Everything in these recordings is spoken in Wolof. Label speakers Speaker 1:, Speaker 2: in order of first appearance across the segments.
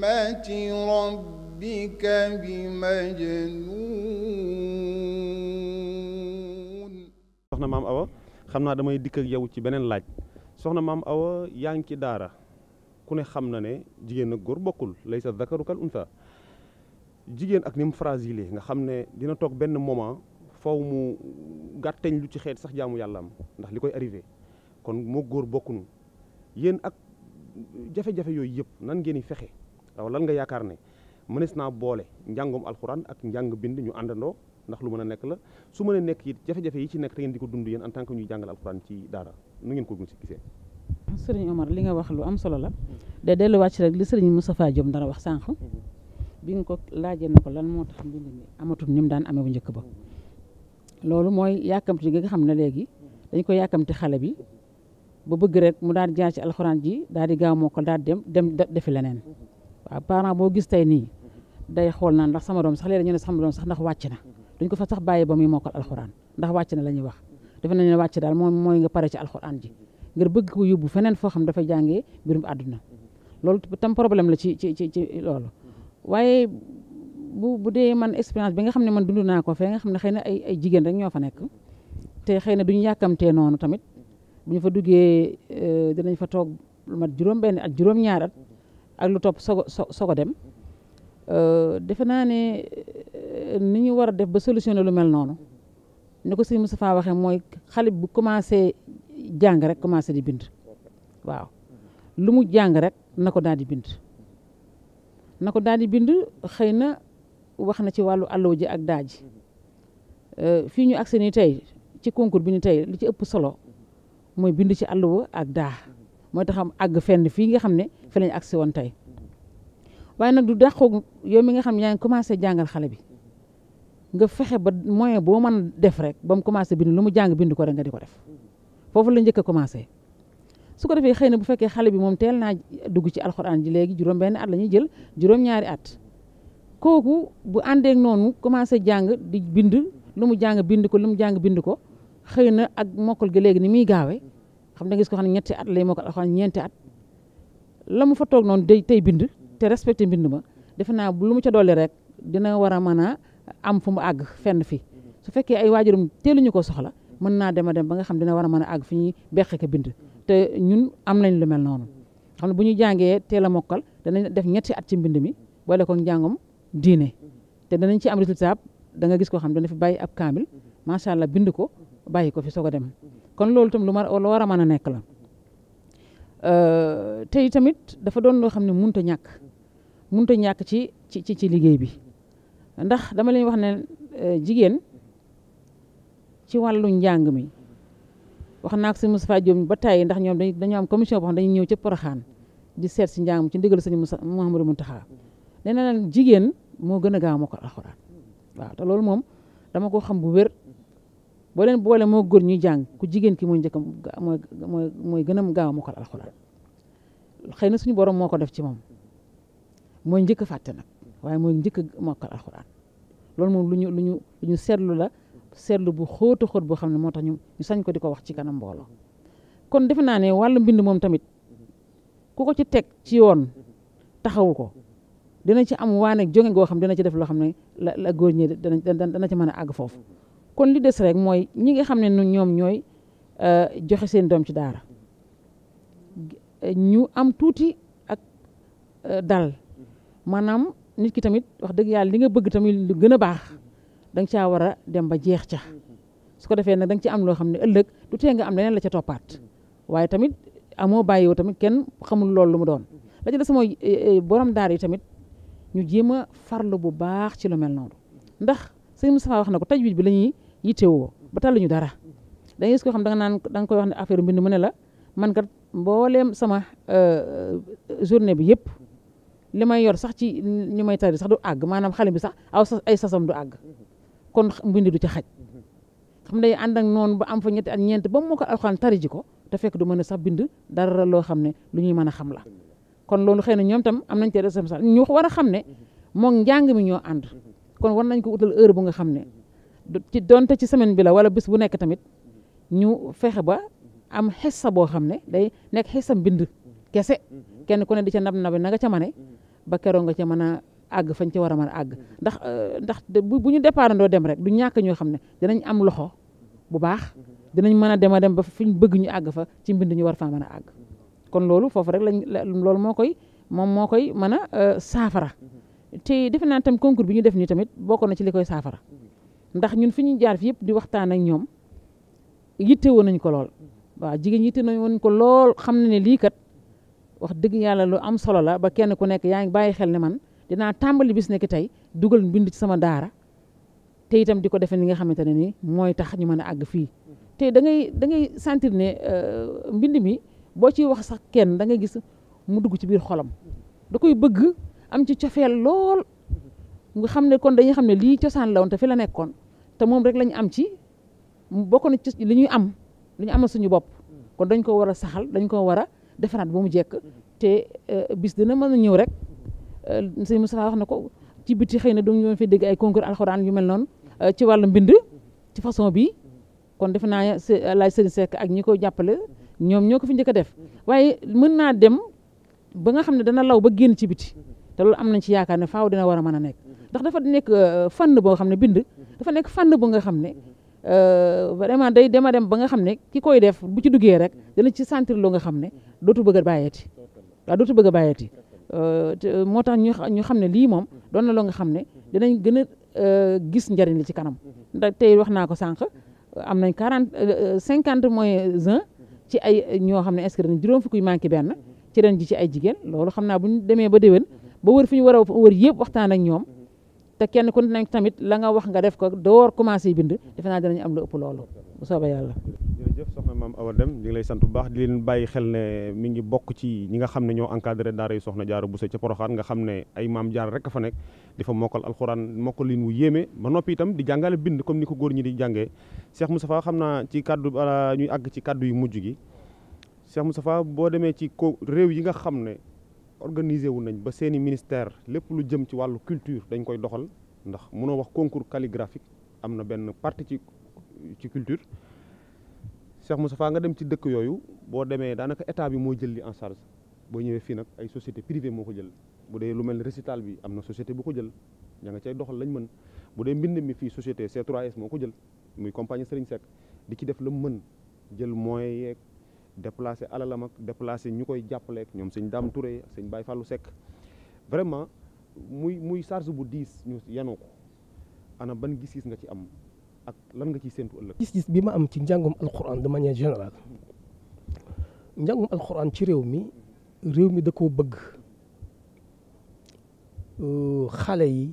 Speaker 1: ma ci برحمة ربك بمجنون
Speaker 2: soxna maam Awa xam naa damay dikk ak yow ci beneen laaj soxna maam Awa yaa ngi ci daara ku ne xam na ne jigéen ak góor bokkul lay sa zakaru kal unsa jigéen ak ni mu fragile nga xam ne dina toog benn moment faw mu gàtteñ lu ci xeet sax jaamu yàlla am ndax li koy arrivé kon moo góor bokkunu yéen ak jafe-jafe yooyu yëpp nan ngeen di fexe waaw lan nga yaakaar ne mënees naa boole njàngum alxuraan ak njàng bind ñu àndandoo ndax lu mën a nekk la su mën a nekk it jafe-jafe yi ci nekk te ngeen di ko dund yéen en tant que ñuy jàngal
Speaker 1: li nga wax lu am solo la de delluwaat ci rek li sëriñ Moustapha Diom dara wax sànq bi nga ko laajee na ko lan moo tax mbind mi amatul ni mu daan amee njëkk ba loolu mooy yàkkamti gi nga xam ne léegi dañ ko yàkkamti xale bi ba bëgg rek mu daal di jaar ci alxuraan ji daal di gaaw mokkal daal dem dem defi leneen waaw parent boo gis tey nii day xool naan ndax sama doom sax léeg-léeg ñu ne sama sax ndax wàcc na duñ ko fa sax bàyyi ba muy mokkal alxuraan ndax wàcc na la ñuy wax defe nañu ne wàcc daal moom mooy nga pare ci alxuraan ji ngir bëgg ko yóbbu feneen foo xam dafay jàngee mbirum àdduna loolu tam la ci ci ci ci loolu waaye bu bu dee man expérience bi nga xam ne man dund naa ko fee nga xam ne xëy na ay ay jigéen rek ñoo fa nekk te xëy na duñu yàkkamtee noonu tamit bu ñu fa duggee euh, dinañ fa toog lu mat juróom benn ak juróom ñaar ak lu topp sogo sogo dem euh, defe naa ne euh, ni ñu war a def ba solutionné lu mel noonu ni ko sëñ Moustapha waxee mooy xale bu commencé jàng rek commencé di bind waaw lu mu jàng rek na ko daal di bind na ko daal di bind xëy na wax na ci wàllu àllo ji ak daaji fii ñu agsi ni tey ci concours bi ni tey li ci ëpp solo mooy bind ci àll wo ak daa mooy tax am àgg fenn fii nga xam ne fi lañ agsi woon tey waaye nag du dàqoog yow mi nga xam yaa ngi commencé jàngal xale bi nga fexe ba moyen boo mën def rek ba mu commencé bind lu mu jàng bind ko rek nga di ko def foofu la njëkk a commencé su ko defee xëy na bu fekkee xale bi moom teel naa dugg ci alxuraan ji léegi juróom at la ñuy jël juróom at kooku bu àndeek noonu commencé jàng di bind lu mu jàng bind ko lu mu jàng bind ko xëy na ak mokkal gi léegi ni muy gaawee xam da gis ko xam ne ñetti at lay mokkal alxuraan ñeenti at la mu fa toog noonu day tey bind te respecté mbind ma defe naa lu mu ca dolli rek dina war a mën a am fu mu àgg fenn fi su fekkee ay waajuram teeluñu ko soxla mën naa dem a dem ba nga xam dina war a mën àgg fi ñuy beqe bind te ñun am nañ lu mel noonu xam ne bu ñu jàngee teel a mokkal danañ def ñetti at mbind mi boole ko njàngom diine te danañ ci am résultat gis koo xam dana fi bàyyi ab kaamil macha allah bind ko bàyyi ko fi soog a dem kon loolu tam lu ma lu war a a nekk la euh, tey tamit dafa doon loo xam ne munta a ñàkk mënut ñàkk ci ci ci liggéey bi ndax dama leen wax ne euh, jigéen ci wàllu njàng mi wax naa ko si Moustapha Diop ba tàyyi ndax ñoom dañoo am commission boo xam dañuy ñëw ca Porokhane di seet si njàng mi ci ndigal sëñ Mouhamadou Mountakha nee na leen jigéen moo gën a gaaw moo ko alxuraan waaw te loolu moom dama ko xam bu wér boo boole moo góor ñu jàng ku jigéen ki mooy njëkk mooy mooy mooy gën a gaaw a mokkal alxuraan xëy na suñu borom moo ko def ci moom mooy njëkk a fàtte nag waaye mooy njëkk a mokkal alxuraan loolu moom lu ñu lu ñu ñu seetlu la seetlu bu xóota xóot boo xam ne moo tax ñu ñu sañ ko di ko wax ci kanam mbooloo kon defe naa ne wàllu mbind moom tamit ku ko ci teg ci woon taxawu ko dina ci am waa ne jonge goo xam dina ci def loo xam ne la la góor ñi dana dana ci mën a àgg foofu kon li des rek mooy ñi nga xam ne ñoom ñooy euh, joxe seen doom ci daara ñu am tuuti ak euh, dal maanaam nit ki tamit wax dëgg yàlla li nga bëgg tamit lu gën a baax danga nga caa war a dem ba jeex ca su ko defee nag da ci am loo xam ne ëllëg lu tee nga am leneen la ca toppaat waaye tamit amoo bàyyiwoo tamit kenn xamul loolu lu mu doon la ca des mooy eh, eh, borom daar yi tamit ñu jéem a farlu bu baax ci lu mel noonu ndax sëñ Moustapha wax na ko tajwid bi la yittewoo ba taluñu dara ñu dara gis koo xam da naan da koy wax ne affaire mbind mu ne la man kat mbooleem sama euh, euh, journée bi yëpp li may yor sax ci ñu may tari sax du àgg maanaam xale bi sax aw sas ay sasam du àgg kon mbind du ci xaj xam day ànd ak noonu ba am fa ñetti at ñeent ba mu ko alxuraan tari ji ko te fekk du mën a sax bind dara loo xam ne lu ñuy mën a xam la kon loolu xëy na ñoom tam am nañ te resam sax ñu war a xam ne moom njàng mi ñoo ànd kon war nañ ko utal heure bu nga xam ne ci donte ci semaine bi la wala bis bu nekk tamit ñu fexe ba am xissa boo xam ne day nekk xissa mbind kese kenn ku ne di ca nab nabi na nga ca mane ba keroo nga ca mën a àgg fañ ca war a mën a àgg ndax euh, ndax bu ñu départandoo dem rek du ñàkk ñoo xam ne danañ am loxo bu baax danañ mën a dem a dem ba fi ñu bëgg ñu àgg fa ci mbind ñu war faa mën a àgg kon loolu foofu rek lañ loolu moo koy moom moo koy mën a euh, saafara te defe naa tam concours bi ñu def nii tamit bokkoon na ci li koy saafara ndax ñun fi ñu jaar fi yëpp di waxtaan ak ñoom yitte woon nañ ko lool waaw jigéen yitte nañ woon ko lool xam na ne lii kat wax dëgg yàlla lu am solo la ba kenn ku nekk yaa ngi bàyyi xel ne man dinaa tàmbali bis nekk tey dugal mbind ci sama daara te itam di ko defee li nga xamante ne nii mooy tax ñu mën a àgg fii te dangay ngay da ngay sentir ne euh, mbind mi boo ciy wax sax kenn da gis mu dugg ci biir xolom da koy bëgg am ci cofeel lool nga xam ne kon dañuy xam ne lii cosaan la woon te fi la nekkoon te moom rek lañu am ci bokk na ci li ñuy am li ñu amal suñu bopp kon dañ ko war a saxal dañ ko war a defaraat ba mu jekk te euh, bis dina mën a ñëw rek euh, sëñ Moustapha wax na ko ci biti xëy na duñu fi dégg ay concours alxuraan yu mel noonu euh, ci wàllu mbind ci façon bi kon defe naa laaj Serigne Seck ak ñi ko jàppale ñoom ñoo ko fu njëkk a def waaye mën naa dem ba nga xam ne dana law ba génn ci biti te loolu am nañ ci yaakaar ne faaw dina war a mën a nekk ndax dafa nekk euh, fànn boo xam ne bind dafa nekk fànn bu nga xam ne euh, vraiment day dema dem ba nga xam ne ki koy def bu ci duggee rek dana ci sentir loo nga xam ne dootu bëgg a bàyyeeti waaw dootu bëgg a bàyyeeti euh, moo tax ñu xam ne lii moom doon na loo nga xam ne dinañ gën a gis njëriñ li ci kanam ndax tey wax naa ko sànq am nañ quarante cinquante moins un ci ay ñoo xam ne inscrit nañ juróom fukk yu manqué benn ci ren ci ay jigéen loolu xam naa bu ñu demee ba déwén ba wër fi ñu war a wër yëpp waxtaan ak ñoom te kenn ku nekk tamit la nga wax nga def ko door commencé bind defe naa dinañu am lu ëpp loolu bu soobee yàlla
Speaker 2: ñu ngi lay sant bu baax di leen bàyyi xel ne mi ngi bokk ci ñi nga xam ne ñoo encadré daara yu soxna Jaara Buso ca Poroxaan nga xam ne ay maam jaar rek fa nekk di fa mokkal alxuraan mokkal lin wu yéeme ba noppi itam di jàngale bind comme ni ko góor ñi di jàngee Cheikh Moustapha xam naa ci kaddu ñuy àgg ci kaddu yu mujj gi Cheikh Moustapha boo demee ci ko réew yi nga xam ne organiser wu nañ ba seeni ministère lépp lu jëm ci wàllu culture dañ koy doxal ndax munoo wax concours calligraphique am na benn partie ci ci culture Cheikh Moustapha nga dem ci dëkk yooyu boo demee daanaka état bi moo jël li en charge boo ñëwee fii nag ay société privée moo ko jël bu dee lu mel ne bi am na société bu ko jël ña nga cay doxal lañ mën bu dee mbind mi fii société c 3 moo ko jël muy compagnie Serigne seek di ci def la mën jël moyen yeeg déplacé alalam ak déplacé ñu koy jàppaleeg ñoom sëñ Dame Touré ak sëñ Baye Fallou Seck vraiment muy muy charge bu diis ñu yanoo ko ana ban gis-gis nga ci am ak lan nga ciy séntu ëllëg.
Speaker 3: gis-gis bi ma am ci njàngum alxuraan de manière générale njàngum alxuraan ci réew mi réew mi da koo bëgg euh, xale yi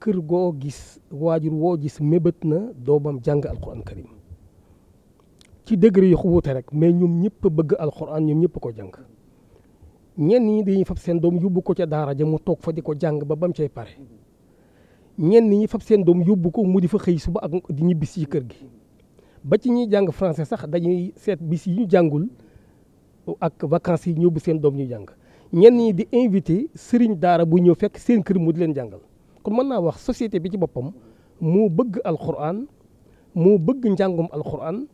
Speaker 3: kër goo gis waajur woo gis mébét na doo doomam jàng alxuraan karim ci degré yu wuute rek mais ñoom ñëpp bëgg alxuraan ñoom ñëpp ko jàng ñenn ñi dañuy fab seen doom yóbbu ko ca daara ja mu toog fa di ko jàng ba bam cay pare ñenn ñi fab seen doom yóbbu ko mu di fa xëy suba ak di ñibbi si kër gi ba ci ñuy jàng français sax dañuy seet bis ñu jàngul ak vacances yi ñëw seen doom ñu jàng ñenn ñi di invité sëriñ daara bu ñëw fekk seen kër mu di leen jàngal kon mën naa wax société bi ci boppam mu bëgg alxuraan mu bëgg njàngum alxuraan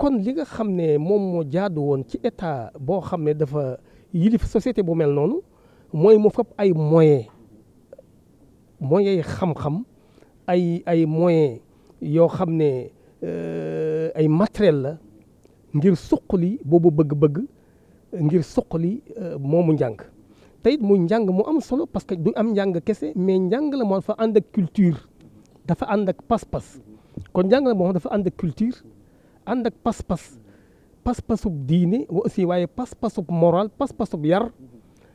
Speaker 3: kon li nga xam ne moom moo jaadu woon ci état boo xam ne dafa yilif société bu mel noonu mooy moo fab ay moyens moyens yi xam-xam ay ay moyens yoo xam ne euh, ay matériel la ngir suqali boobu bëgg-bëgg ngir suqali euh, moomu njàng tey it muy njàng mu am solo parce que du am njàng kese mais njàng la moo dafa ànd ak culture dafa ànd ak pas-pas kon njàng la moo dafa ànd ak culture ànd ak pas-pas pas-pasub diine si waaye pas-pasub moral pas-pasub yar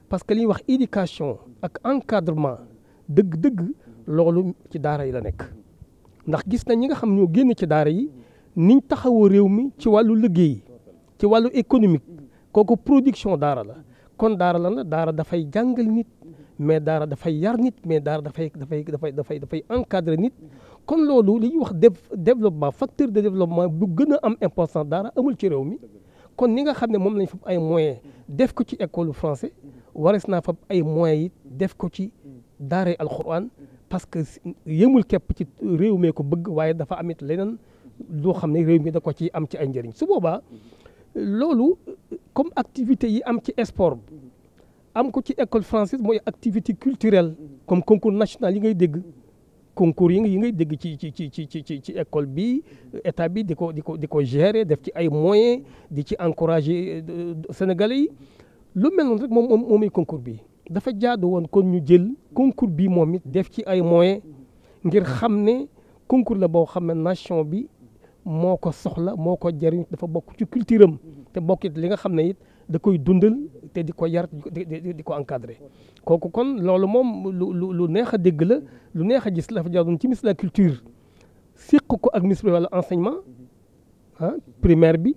Speaker 3: parce que li wax éducation ak encadrement dëgg-dëgg loolu ci daara yi la nekk ndax gis na ñi nga xam ñoo génn ci daara yi niñ taxawoo réew mi ci wàllu liggéey ci wàllu économique kooku production daara la kon daara lan la daara dafay jàngal nit mais daara dafay yar nit mais daara dafay dafay dafay dafay dafay encadrer nit kon loolu li ñuy wax développement facteur de développement bu gën a am importance daara amul ci réew mi kon ni nga xam ne moom lañ fab ay moyens def ko ci école français wares naa fab ay moyens yi def ko ci daara alxuraan parce que yemul képp ci réew mee ko bëgg waaye dafa amit leneen loo xam ne réew mi da ko ci am ci ay njëriñ su boobaa loolu comme activité yi am ci sport am ko ci école française mooy activité culturel comme concours national yi ngay dégg concours yi yi ngay dégg ci ci ci ci ci ci école bi état bi di ko di ko di ko gérer def ci ay moyens di ci encourager euh, sénégalais yi lu mel noonu rek moom moom moomuy concours bi dafa jaadu woon kon ñu jël concours bi moom it def ci ay moyens ngir xam ne concours la boo xam ne nation bi moo ko soxla moo ko jëriñ dafa bokk ci culture am te bokkit li nga xam ne it da koy dundal te di ko yar di ko encadré kooku kon loolu moom lu lu neex a dégg la lu neex a gis la dafa jaaroon ci miss de la culture séq ko ak ministre wala enseignement ah primaire bi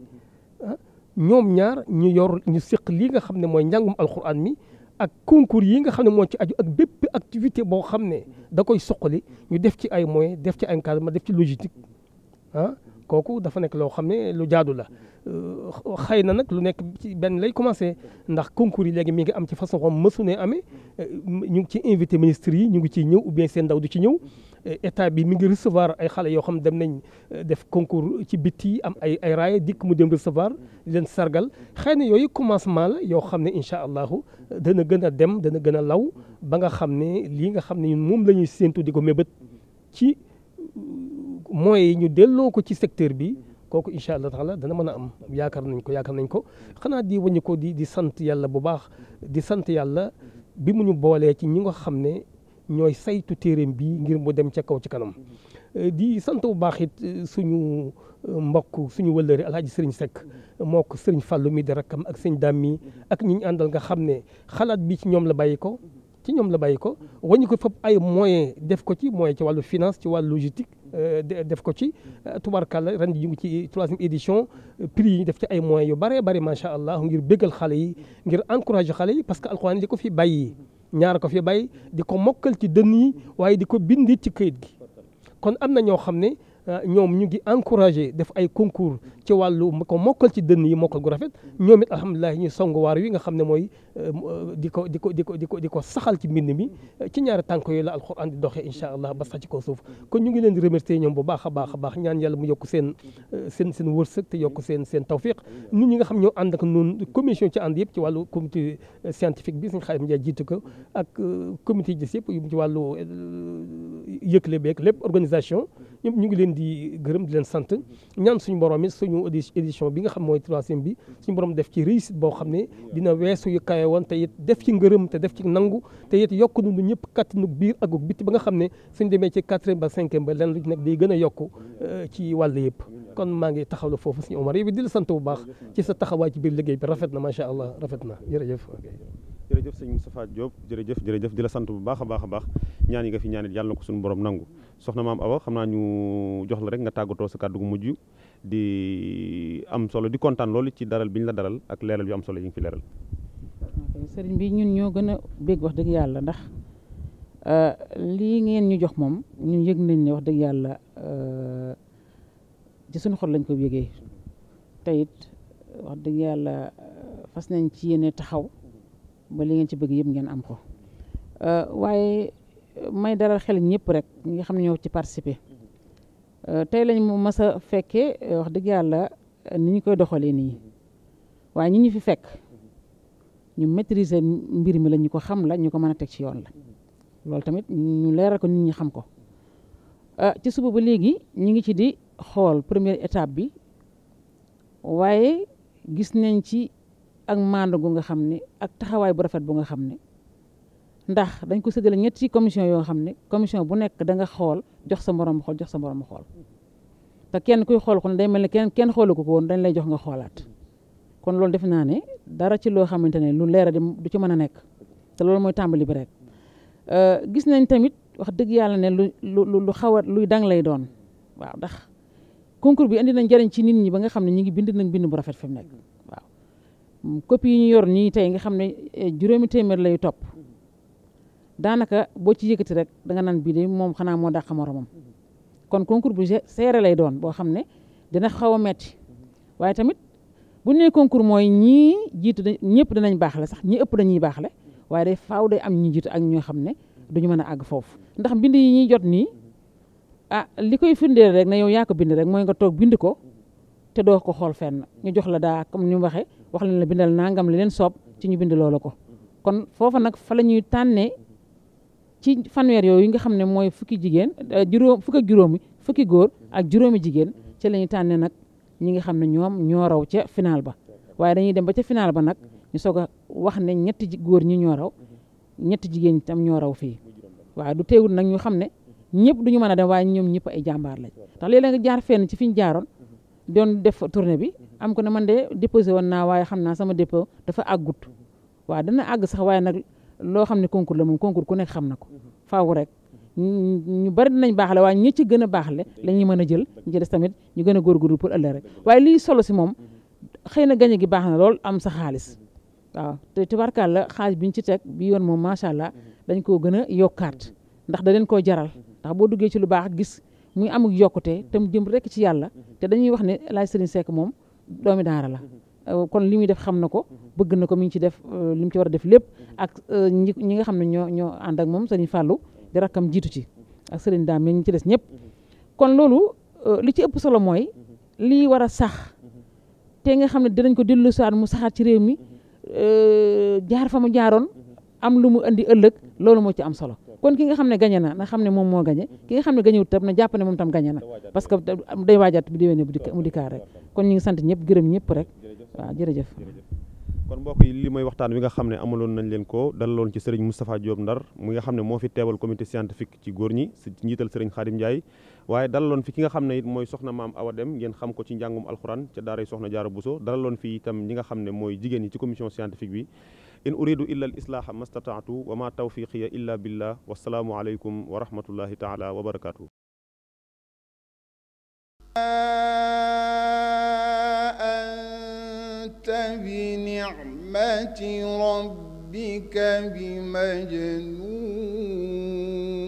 Speaker 3: ah, ñoom ñaar ñu yor ñu séq lii nga xam ne mooy njàngum alxuraan mi ak concours yi nga xam ne moo ci aju ak bépp activité boo xam ne da koy soqali ñu def ci ay moyens def ci encadrement def ci logistique ah. kooku dafa nekk loo xam ne lu jaadu la mm-hmm. euh, xëy na nag lu nekk ci benn lay commencé mm-hmm. ndax concours yi léegi mi ngi am ci façon xam mësu ne amee euh, ñu ngi ci invité ministres yi ñu ngi ciy ñëw ou bien seen ndaw du ci ñëw mm-hmm. euh, état bi mi ngi recevoir ay xale yoo xam ne dem nañ def concours ci biti am ay ay dikk mu dem recevoir leen sargal xëy na yooyu commencement la yoo xam ne incha allahu dana gën a dem dana gën a law ba nga xam ne lii nga xam ne ñun moom la ñuy séentu di ko mébét ci moyens yi ñu delloo ko ci secteur bi kooku incha allah taala dana mën a am yaakaar nañ ko yaakaar nañ ko xanaa di wëññi ko di di sant yàlla bu baax di sant yàlla bi mu ñu boolee ci ñi nga xam ne ñooy saytu téereem bi ngir mu dem ca kaw ci kanam di sant bu baax it eh, suñu eh, mbokk suñu wëllëri alhaji sëriñ Seck moo ko sëriñ Fàllu mi di ak sëñ Daam mi ak ñi ñu àndal nga xam ne xalaat bi ci ñoom la bàyyi ko ci ñoom la bàyyi ko wañu ko fop ay moyen def ko ci moyen ci wàllu finance ci wàllu logistique Euh, def ko ci tubarkalla ren ji ñu ci troisième édition prix yi ñu def ci ay moyens yu bëree bëri macha allah ngir béggal xale yi ngir encourager xale yi parce que alxuraan di ko fi bay ñaar ko fi bay di ko mokkal ci dënn yi waaye di ko bindit ci këyit gi kon am na ñoo xam ne Euh, ñoom ñu ngi encouragé def ay concours ci wàllu ko mokkal ci dënn yi mokkal gu rafet ñoom it alhamdulilah ñu song waar wi nga xam ne mooy euh, euh, di ko di ko di ko di ko di ko saxal ci mbind mi ci ñaari tànk yooyu la alquran di doxee incha allah ba sax ci kaw suuf kon ñu ngi leen di remercier ñoom bu baax a baax a baax ñaan yàlla mu yokk seen seen seen wërsëg te yokk seen seen tawfiq ñun ñi nga xam ñoo ànd ak noonu commission ci ànd yëpp ci wàllu comité scientifique bi suñu xaalim Ndiaye jiitu ko ak comité yi gis yëpp ci wàllu yëkkale beeg lépp organisation ñëpp ñu ngi leen di gërëm di leen sant ñaan suñu borom mi suñu édition bi nga xam mooy troisième bi suñu borom def ci réussite boo xam ne dina weesu yu kawe woon te it def ci ngërëm te def ci nangu te it yokk nu ñëpp kattanu biir ak biti ba nga xam ne suñ demee ci quatrième ba cinquième ba len lu ci nekk di gën a yokk euh, ci wàll yëpp kon maa ngi taxaw la foofu suñu Omar yow di la sant bu baax ci sa taxawaay ci biir liggéey bi rafet na macha allah rafet na jërëjëf
Speaker 2: jërëjëf sëñ Moustapha Diop jërëjëf jërëjëf di la sant bu baax a baax a baax ñaan yi nga fi ñaanit yàlla na ko suñu borom nangu soxna maam Awa xam naa ñu jox la rek nga tàggatoo sa kàddu gu mujj di am solo di kontaan loolu ci daral bi ñu la daral ak leeral yu am solo yi nga fi leeral.
Speaker 1: sëriñ bi ñun ñoo gën a bég wax dëgg yàlla ndax euh, lii ngeen ñu jox moom ñu yëg nañ ne wax dëgg yàlla euh, ci suñu xol lañ ko yëgee te wax dëgg yàlla fas nañ ci yéene taxaw. ba li ci bëgg yëpp ngeen am ko euh, waaye may dalal xel ñëpp rek ñi nga xam ne ñoo ci participer euh, tey lañ mu mas fekkee euh, wax dëgg yàlla ni koy doxalee nii waaye ñi ñu fi fekk ñu maîtriser mbir mi la ñu ko xam la ñu ko mën ci yoon la loolu tamit ñu leeral nit ñi xam ko ci suba ba léegi ñu ngi ci di xool première étape bi waaye gis nañ ci ak maandu gu nga xam ne ak taxawaay bu rafet bu nga xam ne ndax dañ ko séddale ñetti commission yoo xam ne commission bu nekk da nga xool jox sa moroom xool jox sa moroom xool te kenn kuy xool ko ne day mel ne kenn kenn xoolu ko ko woon dañ lay jox nga xoolaat kon loolu def naa ne dara ci loo xamante ne lu leer di du ci mën a nekk te loolu mooy tàmbali bi rek euh, gis nañ tamit wax dëgg yàlla ne lu lu lu xaw a luy dang lay doon waaw ndax concours bi indi nañ njëriñ ci nit ñi ba nga xam ne ñu ngi bind nañ bind bu rafet fi mu nekk copie yi ñu yor nii tey nga xam ne eh, juróomi téeméer lay topp daanaka boo ci yëkkati rek danga naan bii de moom xanaa moo dàq moromam kon concours bu serré lay doon boo xam ne dina xaw a metti waaye tamit bu nee concours mooy ñii jiitu da ñëpp danañ baax la sax ñi ëpp dañuy baax la waaye day faaw day am ñi jiitu ak ñoo xam ne duñu mën a àgg foofu ndax mbind yi ñuy jot nii ah li koy firndeel rek na yow yaa ko bind rek mooy nga toog bind ko te doo ko xool fenn ñu jox la daa comme ni mu waxee wax leen la bindal nangam li leen soob ci ñu bind loola ko kon foofa nag fa la ñuy tànnee ci fanweer yooyu nga xam ne mooy fukki jigéen euh, juróom fukk juróomi fukki góor ak juróomi jigéen ci la tànnee nag ñi nga xam ne ñoom ñoo raw ca final ba waaye dañuy dem ba ca final ba nag ñu soog wax ne ñetti góor ñi ñoo raw ñetti jigéen ñi tam ñoo raw fii waaye du teewul nag ñu xam ne ñëpp duñu mën a dem waaye ñoom ñëpp ay jàmbaar lañ ndax léeg-léeg jaar fenn ci fi ñu jaaroon doon def tournée bi am ko ne man de déposé woon naa waaye xam naa sama dépo dafa àggut waaw dana àgg sax waaye nag loo xam ne concours la moom konkur ku nekk xam na ko faaw rek ñu bari dinañ baaxle waaye ñi ci gën a baaxle la ñuy mën a jël ñu tamit ñu gën a góorgóorlu pour ëllëg rek waaye lii solo si moom xëy na gañe gi baax na lool am sa xaalis waaw te tubarkaal la xaalis biñ ci teg bi yoon moom macha allah dañ koo gën a yokkaat ndax da leen koo jaral ndax boo duggee ci lu baax gis muy amug yokkute te mu jëm rek ci yàlla te dañuy wax ne laaj Serigne Seck moom doomi daara la euh, kon li muy def xam na ko bëgg na ko mi ci def euh, li mu ci war a def lépp ak euh, ñi nga xam ne ñoo ñoo ànd ak moom sëriñ Fàllu di rakkam jiitu ci ak daa daam ñi ci des ñëpp kon loolu li ci ëpp solo mooy lii war a sax te nga xam ne dinañ ko dellusiwaat mu saxaat ci réew mi jaar fa mu jaaroon am lu mu indi ëllëg loolu moo ci am solo kon ki nga xam ne gañe na na xam ne moom moo gañe ki nga xam ne gañewut tam na jàpp ne moom tam gañe na parce que day waajaat bu déwénee mu dikkaat rek kon ñu ngi sant ñëpp gërëm ñëpp rek waaw jërëjëf
Speaker 2: kon mbokk yi li mooy waxtaan wi nga xam ne amaloon nañ leen ko dalaloon ci sëriñ Moustapha Diop Ndar mi nga xam ne moo fi teewal comité scientifique ci góor ñi si njiital sëriñ Khadim Ndiaye waaye dalaloon fi ki nga xam ne it mooy soxna maam Awa Dem ngeen xam ko ci njàngum alxuraan ca daaray soxna Jaara Buso dalaloon fi itam ñi nga xam ne mooy jigéen ñi ci commission scientifique bi in uridu illa al islaaha mastataatu wa ma tawfiqiya illa billah wasalaamu aleykum wa rahmatullahi taala wa
Speaker 1: بنعمة ربك بمجنون